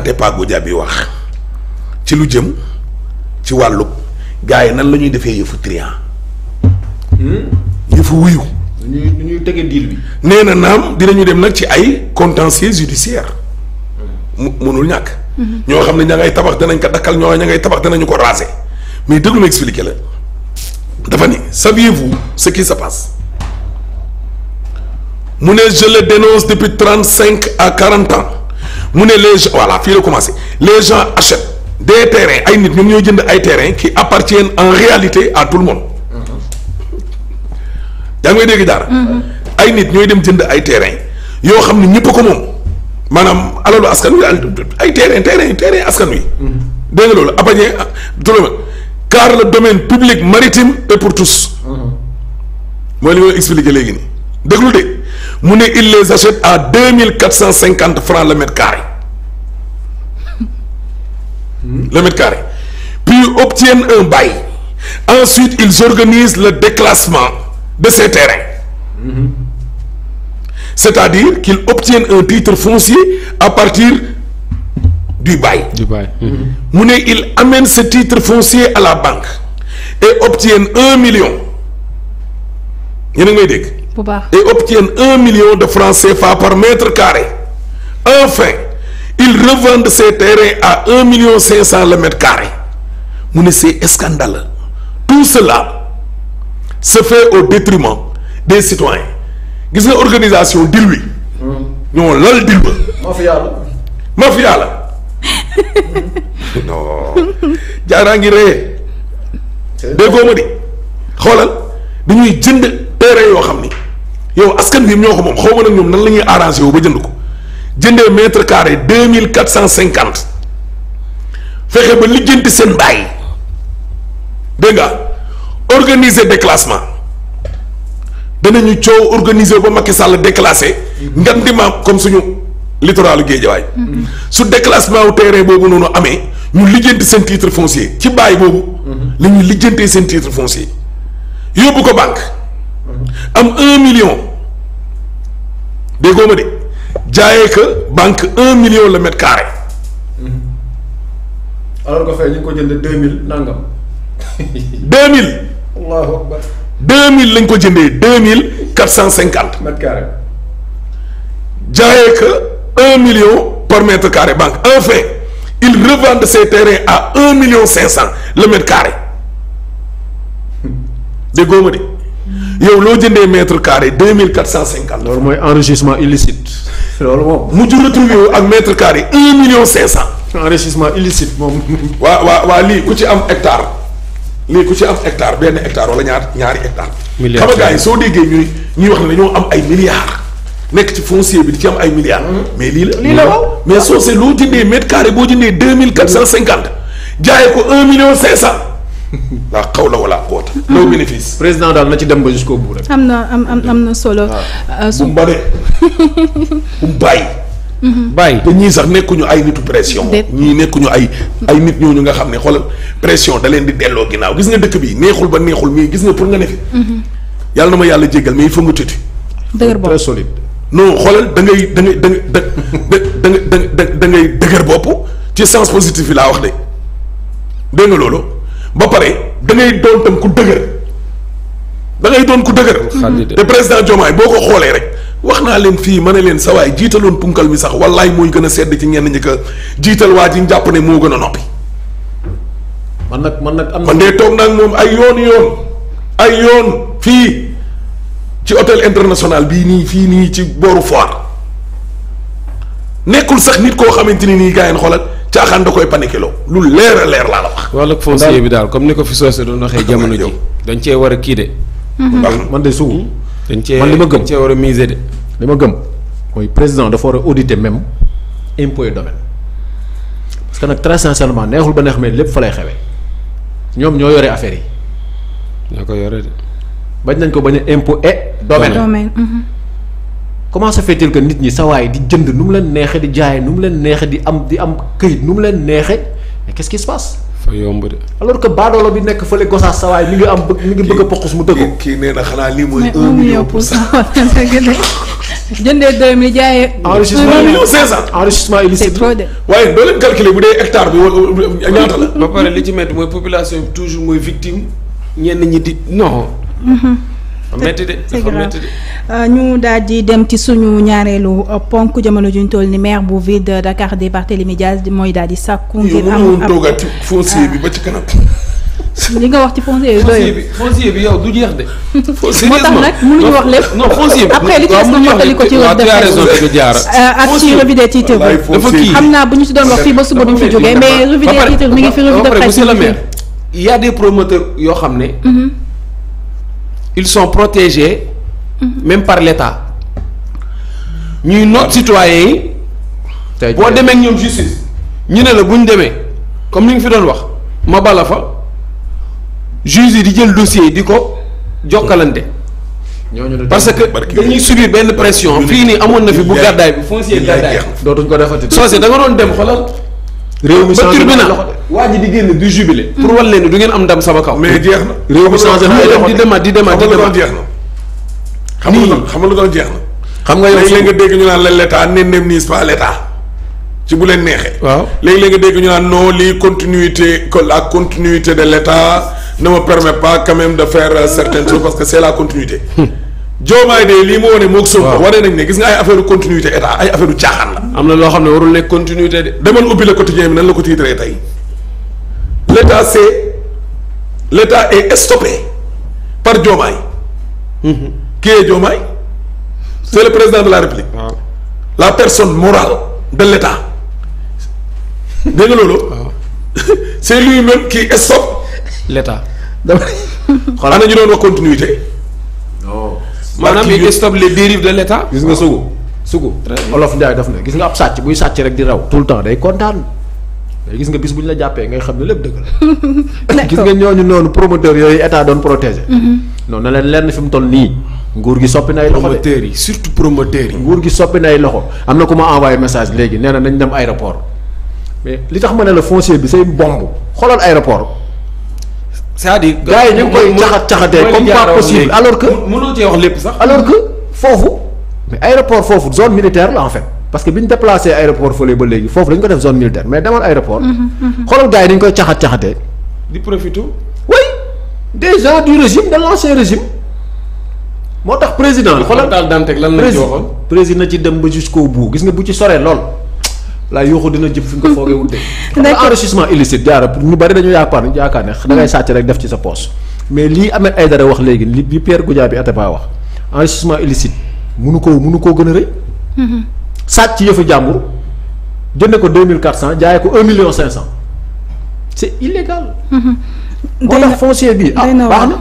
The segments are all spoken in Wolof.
Atepa bi wax ci lu jëm ci wàllu gars yi nan la ñuy defee yëfu trian yëfu wuyu. ñuy ñuy tege deal bi. na naam dinañu dem nag ci ay contentieux judiciaire mm-hmm. mu mënul ñàkk. Mm-hmm. ñoo xam ne ña ngay tabax danañ ko dakkal ñoo ña ngay tabax danañu ko raser mais déglu ma expliqué la dafa ne saviez-vous ce qui se passe mu ne je le dénonce depuis trente cinq à quarante ans. mu ne les voilà fii la commencé les gens achètent des terrains ay nit ñoom ñooy jënd ay terrains ki appartiennent en réalité à tout le monde. yaa nga dégg dara. Mm-hmm. ay nit ñooy dem jënd ay terrains yoo xam ne ñëpp ko moom maanaam alalu askan wi ay terrain terrain terrain askan wi. Mm-hmm. dégg nga loolu abañee tout le car le domaine public maritime est pour tous. Mm-hmm. mooy li ma expliqué léegi nii déglu de. mu ne il les achète à deux mille quatre cent cinquante francs le mètre carré hmm? le mètre carré puis obtiennent un bail ensuite ils organisent le déclassement de ces terrains hmm. c'est-à-dire qu'ils obtiennent un titre foncier à partir du bail du hmm. mu ne ils amènent ce titre foncier à la banque et obtiennent un million yéen a ngi may bu baax et un million de francs fa par mètre carré enfin ils revendent ces terrains à un million cinq cent le mètre carré mu ne c'est scandaleux tout cela se fait au détriment des citoyens gis nga organisation dil wi ñoo hmm. lal dil ba mafia la mafia jaaraa ngi reyee déggoo ma di xoolal dañuy jënd terrain yoo xam ni yow askan bi ñoo ko moom xaw nag ñoom nan la ñuy arrangé wu ba jënd ko jëndee mètre carré deux mille quatre cent cinquante fexe ba lijjanti seen bàyyi dégg nga organiser déclassement danañu coow organiser ba Macky Sall déclassé ngan di maam comme suñu littoralu Guédiawaye su déclassement wu terrain boobu noonu amee ñu lijjanti seen titre foncier ci bàyyi boobu mhm. la ñuy lijjantee seen titre foncier yóbbu ko banque am un million déggoo ma de jaayee que banque un million le mètre carré. Mm-hmm. alors que fay ñu ngi ko jëndee deux mille nangam. deux mille. mille lañ ko jëndee deux mille quatre cent cinquante. mètre carré. jaayee un million par mètre carré banque enfin ils revendent ces terrains à un million cinq cent le mètre carré déggoo ma de. yow loo jëndee mètre carré deux mille quatre cent cinquante. loolu mooy enrichissement illicite. loolu moom a retrouvé wu ak mètre carré un million cinq cent. enrichissement illicite moom. waa waa waa lii ku ci am hectare lii ku ci am benn hectare wala ñaar ñaari hectare. milliards soo déggee ñuy ñuy wax ne dañoo am ay milliards. ci foncier bi di ci am ay milliards. Hmm. mais lii la lii carré boo jëndee deux mille quatre cent cinquante jaayee ko un million cinq cent. la xawla wala quwwata. no bénéfice. président daal na ci dem ba jusqu'au bout rek. am na am am na solo. Ah, su bu mbaree bu bàyyi. te ñii sax nekkuñu ay nitu pression. ñii nekkuñu ay ay nit ñooñu nga xam ne xoolal pression da leen di delloo ginnaaw gis nga dëkk bi neexul ba neexul mais gis nga pour nga ne mhm. yàlla na ma yàlla jéggal mais il faut nga tëti. dëgër bopp très da da ngay da da da da da ci sens positif bi laa wax de dégg loolu. ba pare da ngay doon tam ku dëgër da ngay doon ku dëgër. te président Diomaye boo ko xoolee rek wax naa leen fii ma ne leen sawaay jiitaloon punkal mi sax wallaay mooy gën a sedd ci ñenn ñi ko jiital waa ji jàpp ne moo gën a noppi. man nag man nag am man de toog nag moom ay yoon yoon ay yoon fii ci hôtel international bii nii fii nii ci booru Foire nekkul sax nit koo xamante ni nii gars yi xoolal caaxaan da koy paniqué loo lu leer a leer laa la wax. wala foncier bi daal comme ni ko fi soose doon waxee jamono ji dañ cee war a kii de. Mhm. man de sugu. dañ cee man li ma gëm dañ cee war de. li ma gëm mooy président dafa war a auditer même impôt et domaine parce que nag très sincèrement neexul ba neex mais lépp fa lay xewee ñoom ñoo yore affaire yi. ñoo ko yore de. bañ nañ ko bañ a impôt et domaine. comment se fait nit ñi sawaay di jënd nu mu leen neexe di jaaye nu mu leen neexe di am di am këyit nu mu leen neexe mais qu'est-ce qui se yomb de. alors que baadoolo bi nekk fële gosaas sawaay mi ngi am bëgg mi ngi bëgg a poqus mu tëggoo. kii nee na xanaa lii mooy. un million pour cent jëndee deux mille jaayee. enrichissement de. waaye doo leen bu dee hectare bi wala ñaata la. ba pare li mooy population toujours mooy victime ñenn ñi di non. Mhm. metti de dafa metti euh, ñu daal di dem ci suñu ñaareelu euh, ponk jamono juñ toll ni maire bu ville de Dakar di Barthélémy Dias mooy daal di sàkku ngir am toogaat ci foncier bi ah. ba ci li nga wax ci foncier bi doyul bi foncier bi yow du jeex de. moo tax nag mënuñu wax lépp non foncier bi après li ci des na mottali ko ci wër def euh, ak ci revue des titres xam naa bu ñu si doon wax fii ba suba duñ fi jógee mais revue des titres mi fi revue de presse monsieur le maire il y yoo xam ne mhm. ils sont protégés mhm. même par l'État ñuy noot citoyens yi boo demee ak ñoom justice ñu ne la buñ demee comme ni nga fi doon wax ma bala fa juge di jël dossier yi di ko jokkalante parce que dañuy subir benn pression fii nii amoon na fi bu gàddaay bi foncier gàddaay dootuñ ko defati soose da nga doon dem xoolal réew mi changé na loxo waa ji di génn du jubilé. pour wal leen du ngeen am ndam sama kaw. mais jeex na réew mi changé na ay loxo di demaat di demaat di demaat jeex na. xam nga jeex na. xam nga yow léegi nga dégg ñu naan la l'état n'indemnise pas l'état ci bu leen neexee. waaw léegi-léegi dégg ñu naan non lii continuité que la continuité de l'état ne me permet pas quand même de faire euh, certaines choses parce que c'est la continuité. Diomaye de lii ma wane moog Sonko wane nañ ne gis nga ay affaire continuité état ay affaire caaxaan la. am na loo xam ne warul ne continuité de. demal ubbi le quotidien bi nan la ko tiitree tey l' état c' est l' par Diomaye. Mm-hmm. qui est Diomaye. c' le président de la république. la personne morale de l' état. dégg nga loolu. c' est lui même qui stoppe l' état. ñu doon wax continuité. maanaam il stop les dérives de l' gis nga sugu sugu. olof Ndiaye daf na gis nga ab sàcc buy sàcc rek di raw. tout le temps day kontaan. gis nga bis bu ñu la jàppee ngay xam ne lépp dëgg la. gis nga ñooñu noonu promoteur yooyu état doon protéger. Mm-hmm. non na leen lenn fi mu toll nii. nguur gi soppi na ay loxo promoteurs yi surtout promoteurs yi. nguur gi soppi nay ay loxo am na ku ma envoyé message léegi nee na nañ dem aéroport mais li tax ma ne la foncier bi say bomb xoolal aéroport. c'est-à-dire gars yi ñu ngi koy caxat caxatee comme pas possible alors que wax lépp sax alors que foofu mais aéroport foofu zone militaire la en fait parce que bi ñu déplacé aéroport fële ba léegi foofu dañu ko def zone militaire mais demal aéroport mhm, mhm. xoolal gars yi koy caxat caxatee di profité oui des gens du régime de l'ancien régime moo tax président la xoolal daal Dantec lan la ci waxoon président ci dem ba jusqu'au bout gis nga bu ci soree lool la yooxu dina jëm fi nga ko foogeewul de. d'accord enrichissement illicite jaara ñu bari dañu yaakaar yaakaar ne da ngay sàcc rek def ci sa poche mais lii Ahmed Aïdara wax léegi li bi Pierre Goudiaby Atepa wax enrichissement illicite munu koo munu koo gën a rëy. Mm-hmm. sàcc yëfu jàmbur jënd ko deux mille quatre cent jaayee ko un million cinq cent c'est illégal. Mm-hmm. moo tax foncier bi ah baax na.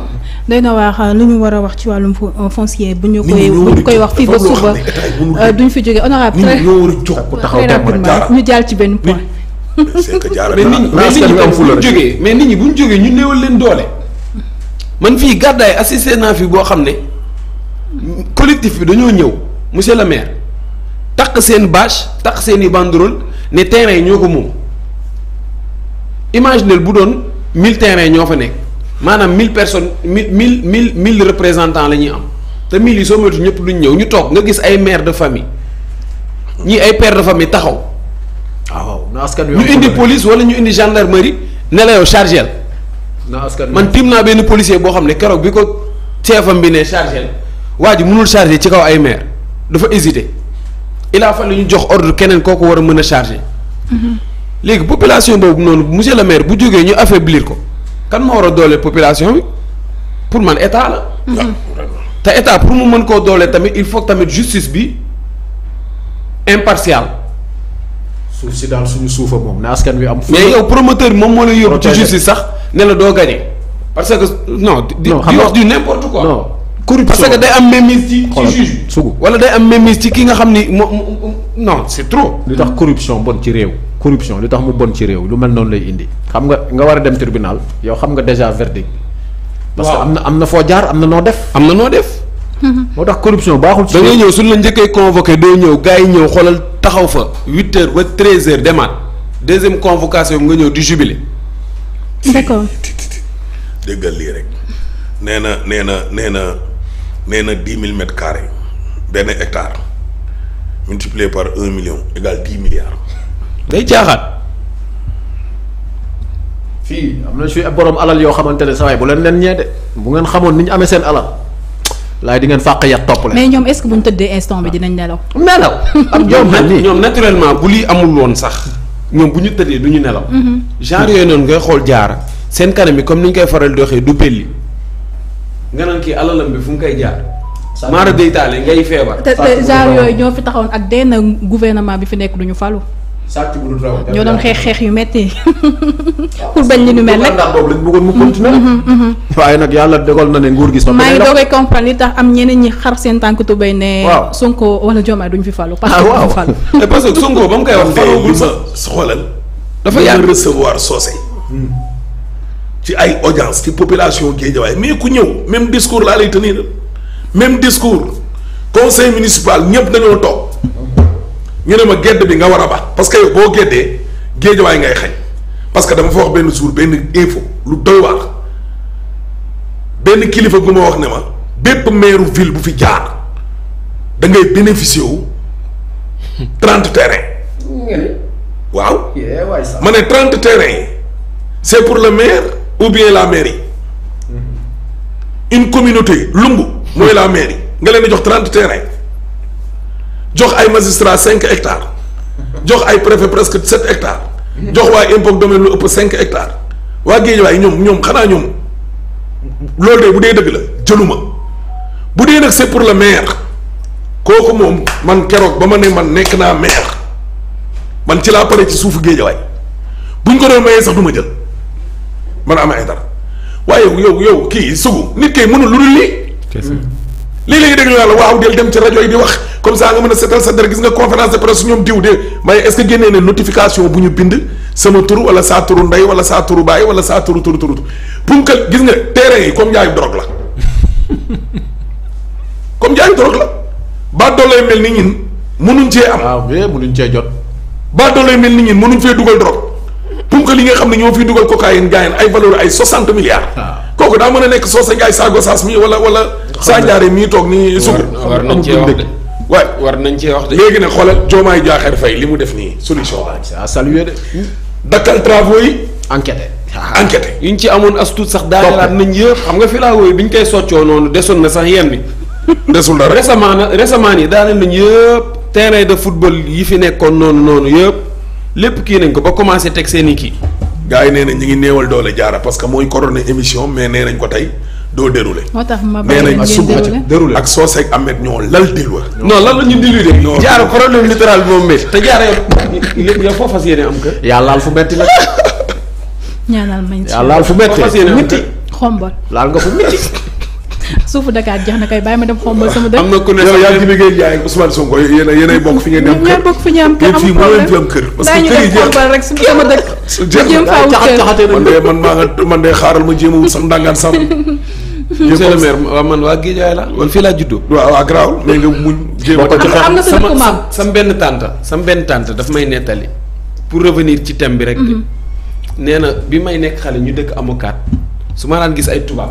doy na waax lu euh, ñu war a wax ci wàllum euh, foncier bu ñu koy bu ñu koy wax fii ba suba euh, duñ fi jógee honorable très ñu jàll ci benn point mais nit ñi buñ jógee mais nit ñi buñ jógee ñu néewal leen doole man fii gàddaay assisté naa fi boo xam ne collectif bi dañoo ñëw monsieur le maire takk seen bâche takk seen i banderole ne terrain yi ñoo ko moom imaginez bu doon mille terrain ñoo fa nekk maanaam mille personne mille mille mille mille représentants la ñuy am te mille yi soo moytu ñëpp duñ ñëw ñu toog nga gis ay mère de famille ñii ay père de famille taxaw. Ah, waaw na askan wi ñu indi police wala ñu indi gendarmerie ne la na askan man tiim naa benn policier boo xam ne keroog bi ko chefam bi ne chargé waa ji mënul chargé ci kaw ay maire dafa hésité il a fallu ñu jox ordre keneen kooku war a mën a chargé. Mhm. léegi population boobu noonu monsieur le maire bu jógee ñu affaiblir ko. kan moo war a doole population bi pour man état la. Mm-hmm. Ah, te état pour mu mën koo doole tamit il faut tamit justice bi impartiale. suuf si daal suñu suuf suufa moom na askan wi am. mais yow promoteur bi moom moo lay yóbbu. ci justice sax ne la doo gagné. parce que non. di wax du n'importe quoi. non corruption parce que day am mémise ci ci juge. sugu day am mémise ci ki nga xam ni moo non c'est trop. li tax corruption bon ci réew. corruption lu tax mu bon ci réew lu mel noonu lay indi xam nga nga war a dem tribunal yow xam nga déjà verdict parce que am na am na foo jaar am na noo def am na noo def moo tax corruption baaxul da ngay ñëw suñ la njëkkee convoqué doo ñëw gars yi ñëw xoolal taxaw fa huit heures ba treize heures demaat deuxième convocation nga ñëw di jubilé d'accord déggal lii rek nee na nee na nee na nee na dix mille mètres carrés benn hectare multiplié par un million égale dix milliards day caaxaan. fii am na suy borom alal yoo xamante ne saa bu leen leen ñee de bu ngeen xamoon ni ñu amee seen alal laay di ngeen fàq yat topp leen. mais ñoom est-ce que bu ñu tëddee instant bi dinañ nelaw. nelaw ak ñoom ñoom naturellement bu amul woon sax ñoom bu ñu tëddee du ñu nelaw. Mhm. genre yooyu noonu ngay xool jaar seen kanam yi comme ni ñu koy faral di waxee du pelli nga kii alalam bi fu mu koy jaar. maara day taale ngay feebar. te genre yooyu ñoo fi taxawoon ak denn gouvernement bi fi nekk duñu falu. sàcc bu ñoo doon xeex xeex yu métti pour bañ li nu mel rek waaw mm-hmm, mm-hmm. waaye nag yàlla dogal na ne nguur gi. maa ngi doogay comprendre li tax am ñeneen ñi xar seen tànk tubéy ne. waaw Sonko wala Diomaye duñ fi falu. ah waaw parce que ah, eh, parce que Sonko ba mu koy wax. faluwul sa xoolal. dafa yàgg recevoir soose. Hmm. ci ay audience ci population Guédiawaye mais ku ñëw même discours laa lay tenir même discours conseil municipal ñëpp dañoo toog. ñu ne ma gedd bi nga war a ba parce que yow boo geddee géejawaay ngay xañ parce que dama fa wax benn suur benn info lu doy waar benn kilifa gu ma wax ne ma bépp maire ville bu fi jaar da ngay bénéficier wu trente terrain waaw ma ne trente terrain yi c'est pour le maire ou bien la mairie mm-hmm. une communauté lumbu mooy la mairie nga leen di jox trente terrain jox ay magistrats cinq hectares jox ay préfet presque sept hectares jox waa impôt domaine lu ëpp cinq hectares waa Géejawaay ñoom ñoom xanaa ñoom loolu de bu dee dëgg la jëluma bu dee nag c'est pour le maire kooku moom man keroog ba ma ne man nekk naa maire man ci laa pare ci suufu Géejawaay buñ ko doon mayee sax du ma jël man am ay dara waaye yow yow kii sugu nit kay mënul lu dul lii lii la ñuy déglu yàlla waaw del dem ci rajo yi wax comme ça nga mën a setal sa gis nga conférence de presse ñoom diw de may est génnee ne notification bu ñu bind sama turu wala saa turu ndey wala saa turu baay wala saa turu turu turu punkal gis nga terrain yi comme njaayu drogue la comme njaayu drogue la ba doole mel ni ñin mënuñ cee am. waaw eh mënuñ cee jot. ba doole mel ni ñin mënuñ fee dugal drogue punkal yi nga xam ne ñoo fiy dugal cocaïne gaayen ay valeur ay 60 milliards. Ah. kooku daa mën a nekk soo Socé Ndiaye saa Gosaas mii wala wala. saa Ndiare mii toog nii sugu war nañ cee wax de waay war nañ cee wax de. léegi nag xoolal Diomaye Diakhar Faye li mu def nii solution la. ah de. dakkal travaux yi. enquête. enquête yi ñu ci amoon as tuut sax daajalaat nañ yëpp xam nga fi filaawo yi bi ñu koy soccoo noonu desoon na sax yenn bi desul dara récemment na récemment nii daaneel nañ yëpp terrain de football yi fi nekkoon noonu noonu yëpp lépp kii nañ ko ba commencé teg seen i kii gars yi nee nañ ñu ngi néewal doole jaara parce que mooy corona émission mais nee nañ ko tey doo déroulé. moo tax ma bàyyi leen ngeen déroulé déroulé ak Socé ak Ahmed ñoo lal dilwa. non lan la ñuy dilué. non jaara corona littéral moom métti. te jaara yow yow foo fas yéene am kër. yaa laal fu métti nag. ñaanal mañ ci yaa laal fu métti. foo fas yéene laal nga fu métti. suufu Dakar jeex na kay bàyyi ma dem xombal sama dëkk. am na ku ne yow yaa ngi liggéey Ndiaye ak a yéen ay bokk fi ngeen di am kër ñoo bokk fi ñu kër man de xaaral ma jéem a wut sax ndàngaan sax. monsieur le maire man waa Guédiawaye la man fii laa juddoo. waaw waaw garaawul mais nga muñ. jéem a ko ci xeex sama sama benn tànta sama benn tante dafa may nettali pour revenir ci thème bi rek. Mhm. nee na bi may nekk xale ñu dëkk amokaat su ma daan gis ay tubaab